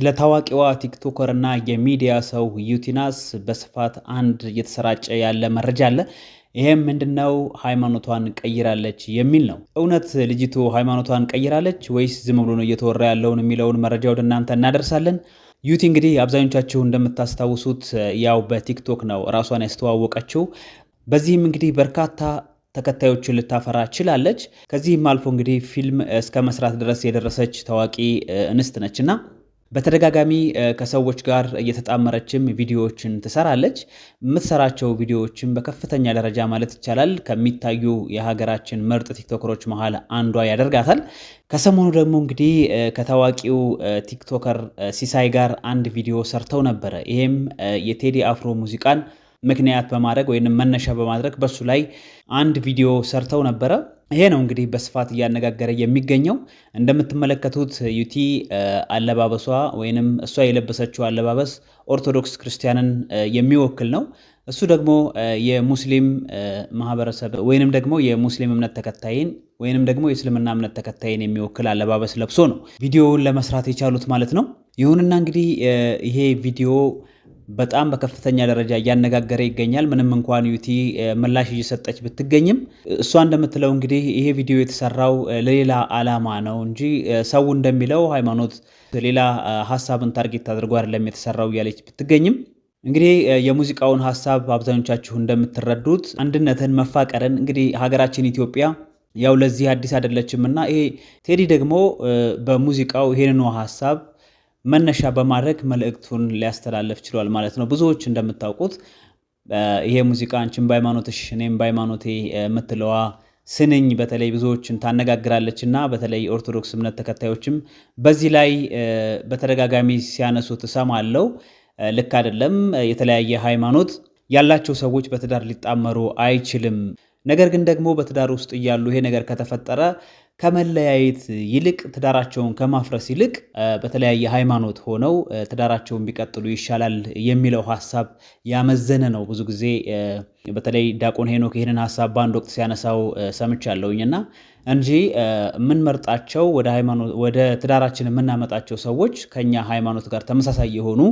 ስለ ታዋቂዋ ቲክቶከር እና የሚዲያ ሰው ዩቲናስ በስፋት አንድ እየተሰራጨ ያለ መረጃ አለ። ይህም ምንድነው? ሃይማኖቷን ቀይራለች የሚል ነው። እውነት ልጅቱ ሃይማኖቷን ቀይራለች ወይስ ዝም ብሎ ነው እየተወራ ያለውን የሚለውን መረጃ ወደ እናንተ እናደርሳለን። ዩቲ እንግዲህ አብዛኞቻችሁ እንደምታስታውሱት ያው በቲክቶክ ነው ራሷን ያስተዋወቀችው። በዚህም እንግዲህ በርካታ ተከታዮችን ልታፈራ ችላለች። ከዚህም አልፎ እንግዲህ ፊልም እስከ መስራት ድረስ የደረሰች ታዋቂ እንስት ነች እና በተደጋጋሚ ከሰዎች ጋር እየተጣመረችም ቪዲዮዎችን ትሰራለች። የምትሰራቸው ቪዲዮዎችን በከፍተኛ ደረጃ ማለት ይቻላል ከሚታዩ የሀገራችን ምርጥ ቲክቶከሮች መሀል አንዷ ያደርጋታል። ከሰሞኑ ደግሞ እንግዲህ ከታዋቂው ቲክቶከር ሲሳይ ጋር አንድ ቪዲዮ ሰርተው ነበረ። ይሄም የቴዲ አፍሮ ሙዚቃን ምክንያት በማድረግ ወይም መነሻ በማድረግ በሱ ላይ አንድ ቪዲዮ ሰርተው ነበረ። ይሄ ነው እንግዲህ በስፋት እያነጋገረ የሚገኘው። እንደምትመለከቱት ዩቲ አለባበሷ ወይንም እሷ የለበሰችው አለባበስ ኦርቶዶክስ ክርስቲያንን የሚወክል ነው። እሱ ደግሞ የሙስሊም ማህበረሰብ ወይንም ደግሞ የሙስሊም እምነት ተከታይን ወይንም ደግሞ የእስልምና እምነት ተከታይን የሚወክል አለባበስ ለብሶ ነው ቪዲዮውን ለመስራት የቻሉት ማለት ነው። ይሁንና እንግዲህ ይሄ ቪዲዮ በጣም በከፍተኛ ደረጃ እያነጋገረ ይገኛል። ምንም እንኳን ዩቲ ምላሽ እየሰጠች ብትገኝም እሷ እንደምትለው እንግዲህ ይሄ ቪዲዮ የተሰራው ለሌላ ዓላማ ነው እንጂ ሰው እንደሚለው ሃይማኖት ሌላ ሀሳብን ታርጌት አድርጎ አይደለም የተሰራው እያለች ብትገኝም እንግዲህ የሙዚቃውን ሀሳብ አብዛኞቻችሁ እንደምትረዱት አንድነትን፣ መፋቀርን እንግዲህ ሀገራችን ኢትዮጵያ ያው ለዚህ አዲስ አይደለችም እና ይሄ ቴዲ ደግሞ በሙዚቃው ይሄንኑ ሀሳብ መነሻ በማድረግ መልእክቱን ሊያስተላለፍ ችሏል ማለት ነው። ብዙዎች እንደምታውቁት ይሄ ሙዚቃ አንቺን በሃይማኖትሽ እኔም በሃይማኖቴ የምትለዋ ስንኝ በተለይ ብዙዎችን ታነጋግራለች እና በተለይ ኦርቶዶክስ እምነት ተከታዮችም በዚህ ላይ በተደጋጋሚ ሲያነሱት እሰማለሁ። ልክ አይደለም፣ የተለያየ ሃይማኖት ያላቸው ሰዎች በትዳር ሊጣመሩ አይችልም ነገር ግን ደግሞ በትዳር ውስጥ እያሉ ይሄ ነገር ከተፈጠረ ከመለያየት ይልቅ ትዳራቸውን ከማፍረስ ይልቅ በተለያየ ሃይማኖት ሆነው ትዳራቸውን ቢቀጥሉ ይሻላል የሚለው ሀሳብ ያመዘነ ነው። ብዙ ጊዜ በተለይ ዲያቆን ሄኖክ ይህንን ሀሳብ በአንድ ወቅት ሲያነሳው ሰምቻለሁኝ እና እንጂ የምንመርጣቸው ወደ ትዳራችን የምናመጣቸው ሰዎች ከኛ ሃይማኖት ጋር ተመሳሳይ የሆኑ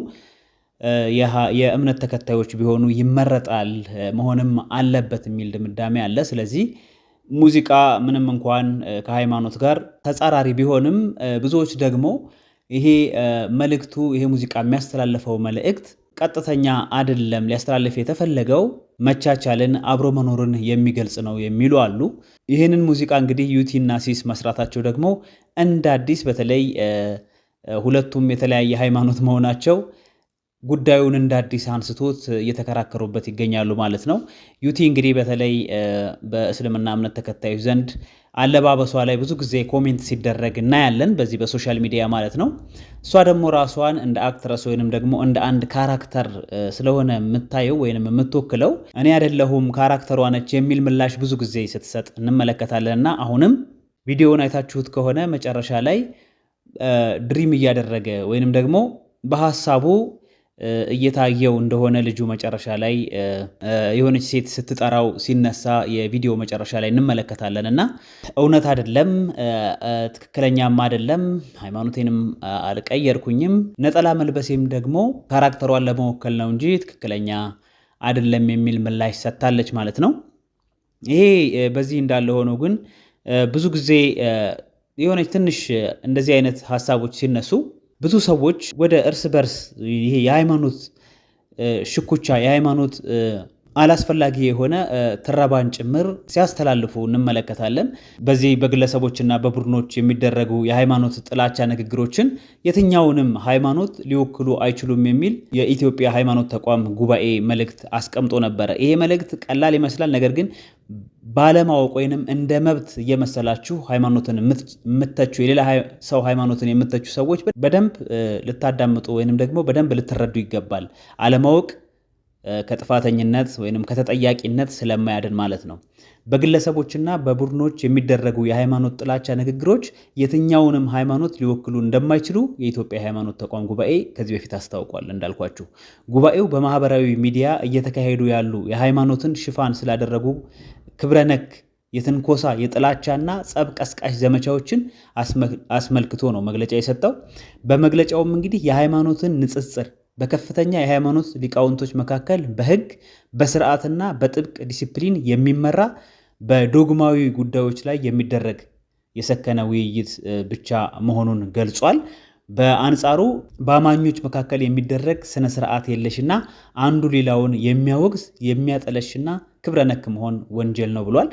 የእምነት ተከታዮች ቢሆኑ ይመረጣል መሆንም አለበት የሚል ድምዳሜ አለ። ስለዚህ ሙዚቃ ምንም እንኳን ከሃይማኖት ጋር ተጻራሪ ቢሆንም ብዙዎች ደግሞ ይሄ መልእክቱ ይሄ ሙዚቃ የሚያስተላልፈው መልእክት ቀጥተኛ አይደለም፣ ሊያስተላልፍ የተፈለገው መቻቻልን፣ አብሮ መኖርን የሚገልጽ ነው የሚሉ አሉ። ይህንን ሙዚቃ እንግዲህ ዩቲና ሲስ መስራታቸው ደግሞ እንደ አዲስ በተለይ ሁለቱም የተለያየ ሃይማኖት መሆናቸው ጉዳዩን እንደ አዲስ አንስቶት እየተከራከሩበት ይገኛሉ ማለት ነው። ዩቲ እንግዲህ በተለይ በእስልምና እምነት ተከታዮች ዘንድ አለባበሷ ላይ ብዙ ጊዜ ኮሜንት ሲደረግ እናያለን፣ በዚህ በሶሻል ሚዲያ ማለት ነው። እሷ ደግሞ ራሷን እንደ አክትረስ ወይንም ደግሞ እንደ አንድ ካራክተር ስለሆነ የምታየው ወይንም የምትወክለው እኔ አይደለሁም ካራክተሯ ነች የሚል ምላሽ ብዙ ጊዜ ስትሰጥ እንመለከታለን። እና አሁንም ቪዲዮውን አይታችሁት ከሆነ መጨረሻ ላይ ድሪም እያደረገ ወይንም ደግሞ በሀሳቡ እየታየው እንደሆነ ልጁ መጨረሻ ላይ የሆነች ሴት ስትጠራው ሲነሳ የቪዲዮ መጨረሻ ላይ እንመለከታለን እና እውነት አይደለም፣ ትክክለኛም አይደለም፣ ሃይማኖቴንም አልቀየርኩኝም፣ ነጠላ መልበሴም ደግሞ ካራክተሯን ለመወከል ነው እንጂ ትክክለኛ አይደለም የሚል ምላሽ ሰጥታለች ማለት ነው። ይሄ በዚህ እንዳለ ሆኖ ግን ብዙ ጊዜ የሆነች ትንሽ እንደዚህ አይነት ሀሳቦች ሲነሱ ብዙ ሰዎች ወደ እርስ በርስ ይሄ የሃይማኖት ሽኩቻ የሃይማኖት አላስፈላጊ የሆነ ትረባን ጭምር ሲያስተላልፉ እንመለከታለን። በዚህ በግለሰቦችና በቡድኖች የሚደረጉ የሃይማኖት ጥላቻ ንግግሮችን የትኛውንም ሃይማኖት ሊወክሉ አይችሉም የሚል የኢትዮጵያ ሃይማኖት ተቋም ጉባኤ መልእክት አስቀምጦ ነበረ። ይሄ መልእክት ቀላል ይመስላል፣ ነገር ግን ባለማወቅ ወይንም እንደ መብት እየመሰላችሁ ሃይማኖትን የምተቹ የሌላ ሰው ሃይማኖትን የምትተቹ ሰዎች በደንብ ልታዳምጡ ወይንም ደግሞ በደንብ ልትረዱ ይገባል። አለማወቅ ከጥፋተኝነት ወይም ከተጠያቂነት ስለማያድን ማለት ነው። በግለሰቦችና በቡድኖች የሚደረጉ የሃይማኖት ጥላቻ ንግግሮች የትኛውንም ሃይማኖት ሊወክሉ እንደማይችሉ የኢትዮጵያ ሃይማኖት ተቋም ጉባኤ ከዚህ በፊት አስታውቋል። እንዳልኳችሁ ጉባኤው በማህበራዊ ሚዲያ እየተካሄዱ ያሉ የሃይማኖትን ሽፋን ስላደረጉ ክብረነክ የትንኮሳ የጥላቻና ጸብ ቀስቃሽ ዘመቻዎችን አስመልክቶ ነው መግለጫ የሰጠው። በመግለጫውም እንግዲህ የሃይማኖትን ንጽጽር በከፍተኛ የሃይማኖት ሊቃውንቶች መካከል በህግ በስርዓትና በጥብቅ ዲሲፕሊን የሚመራ በዶግማዊ ጉዳዮች ላይ የሚደረግ የሰከነ ውይይት ብቻ መሆኑን ገልጿል። በአንጻሩ በአማኞች መካከል የሚደረግ ስነ ስርዓት የለሽና አንዱ ሌላውን የሚያወግዝ የሚያጠለሽና ክብረ ነክ መሆን ወንጀል ነው ብሏል።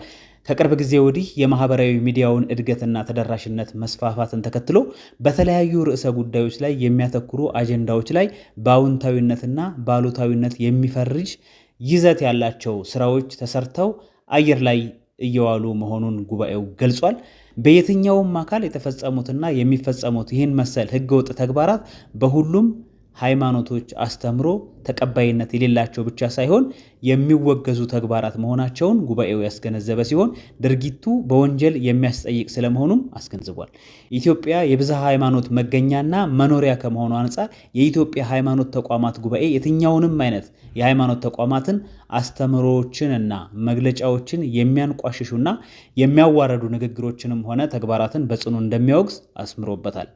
ከቅርብ ጊዜ ወዲህ የማህበራዊ ሚዲያውን እድገትና ተደራሽነት መስፋፋትን ተከትሎ በተለያዩ ርዕሰ ጉዳዮች ላይ የሚያተኩሩ አጀንዳዎች ላይ በአዎንታዊነትና በአሉታዊነት የሚፈርጅ ይዘት ያላቸው ስራዎች ተሰርተው አየር ላይ እየዋሉ መሆኑን ጉባኤው ገልጿል። በየትኛውም አካል የተፈጸሙትና የሚፈጸሙት ይህን መሰል ህገወጥ ተግባራት በሁሉም ሃይማኖቶች አስተምሮ ተቀባይነት የሌላቸው ብቻ ሳይሆን የሚወገዙ ተግባራት መሆናቸውን ጉባኤው ያስገነዘበ ሲሆን ድርጊቱ በወንጀል የሚያስጠይቅ ስለመሆኑም አስገንዝቧል። ኢትዮጵያ የብዝሃ ሃይማኖት መገኛና መኖሪያ ከመሆኑ አንጻር የኢትዮጵያ ሃይማኖት ተቋማት ጉባኤ የትኛውንም አይነት የሃይማኖት ተቋማትን አስተምሮዎችንና መግለጫዎችን የሚያንቋሽሹና የሚያዋረዱ ንግግሮችንም ሆነ ተግባራትን በጽኑ እንደሚያወግዝ አስምሮበታል።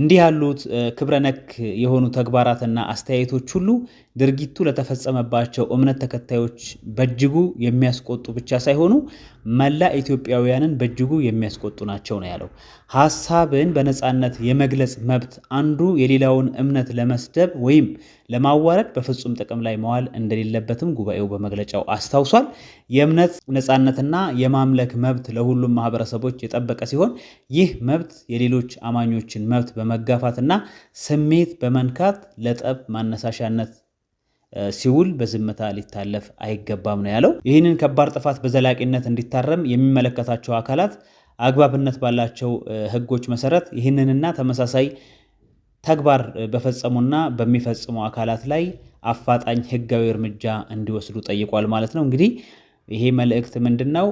እንዲህ ያሉት ክብረ ነክ የሆኑ ተግባራትና አስተያየቶች ሁሉ ድርጊቱ ለተፈጸመባቸው እምነት ተከታዮች በእጅጉ የሚያስቆጡ ብቻ ሳይሆኑ መላ ኢትዮጵያውያንን በእጅጉ የሚያስቆጡ ናቸው ነው ያለው። ሀሳብን በነፃነት የመግለጽ መብት አንዱ የሌላውን እምነት ለመስደብ ወይም ለማዋረድ በፍጹም ጥቅም ላይ መዋል እንደሌለበትም ጉባኤው በመግለጫው አስታውሷል። የእምነት ነፃነትና የማምለክ መብት ለሁሉም ማህበረሰቦች የጠበቀ ሲሆን ይህ መብት የሌሎች አማኞችን መብት በመጋፋትና ስሜት በመንካት ለጠብ ማነሳሻነት ሲውል በዝምታ ሊታለፍ አይገባም ነው ያለው። ይህንን ከባድ ጥፋት በዘላቂነት እንዲታረም የሚመለከታቸው አካላት አግባብነት ባላቸው ሕጎች መሰረት ይህንንና ተመሳሳይ ተግባር በፈጸሙና በሚፈጽሙ አካላት ላይ አፋጣኝ ህጋዊ እርምጃ እንዲወስዱ ጠይቋል ማለት ነው። እንግዲህ ይሄ መልእክት ምንድን ነው?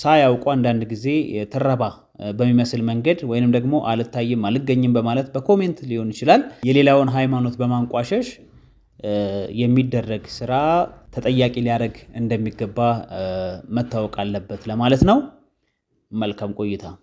ሳያውቁ አንዳንድ ጊዜ ትረባ በሚመስል መንገድ ወይንም ደግሞ አልታይም አልገኝም በማለት በኮሜንት ሊሆን ይችላል የሌላውን ሃይማኖት በማንቋሸሽ የሚደረግ ስራ ተጠያቂ ሊያደርግ እንደሚገባ መታወቅ አለበት ለማለት ነው። መልካም ቆይታ